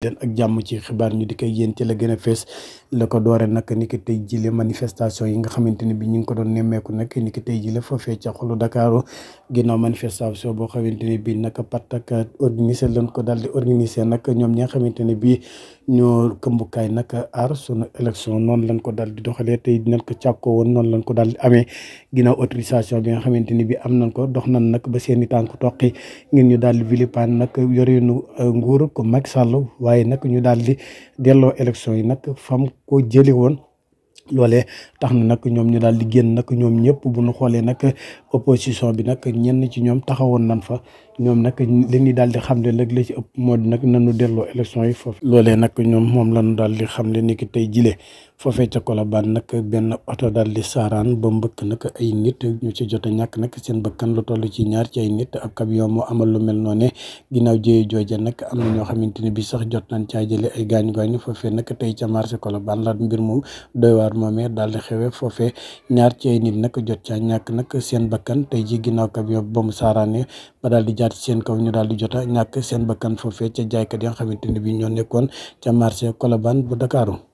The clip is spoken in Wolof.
den ak jàmm ci xibaar ñu di koy yéen ci la gën fees la ko doore nag ni ki tey jile manifestation yi nga xamante ne bi ñu ngi ko doon nemmeeku nag ni ki tey jile foofee ca xolu Dakaaru ginnaaw manifestation boo xamante ne bi nag part ak organiser lañ ko daal di organiser nag ñoom ñi nga xamante ne bii ñoo këmbukaay nag aar sunu élection noonu lañ ko daal di doxalee tey dinañ ko càkkoo woon noonu lañ ko daal amee ginnaaw autorisation bi nga xamante ni bi am nañ ko dox nañ nag ba seeni tànk toqi ngir ñu daal di vilipaan nag yoreenu euh, nguur ko Macky Sall waaye nag ñu daal di delloo élection yi nag fam ko jëli woon loole tax na nag ñoom ñu daal di génn nag ñoom ñëpp bu ñu xoolee nag opposition bi nag ñenn ci ñoom taxawoon nan fa ñoom nag li ñu daal di xamle nag la ci ëpp moo di nag nanu delloo élection yi foofu loolee nag ñoom moom lañu daal di xamle ni ki tey jile foofee ca Colobane nag benn oto daal di saaraan ba mbëkk nag ay nit ñu ci jot ñàkk nag seen bakkan lu ci ñaar ci ay nit ab camion moo amal lu mel noonu ne ginnaaw jëye jooja nag am na ñoo xamante ni bi sax jot nañ caa jële ay gaañu gaañu foofee nag tey ca marché Colobane la mbir mu doy waar moomee daal di xewee foofee ñaar ci ay nit nag jot ca ñàkk nag seen ba kan tey ji ginnaaw camion ba mu saaraane ba daal di jaar ci seen kaw ñu daal di jota ñàkk seen bakkan foofee ca jaaykat yi nga xamante ne bi ñoo nekkoon ca marché Colobane bu dakaaru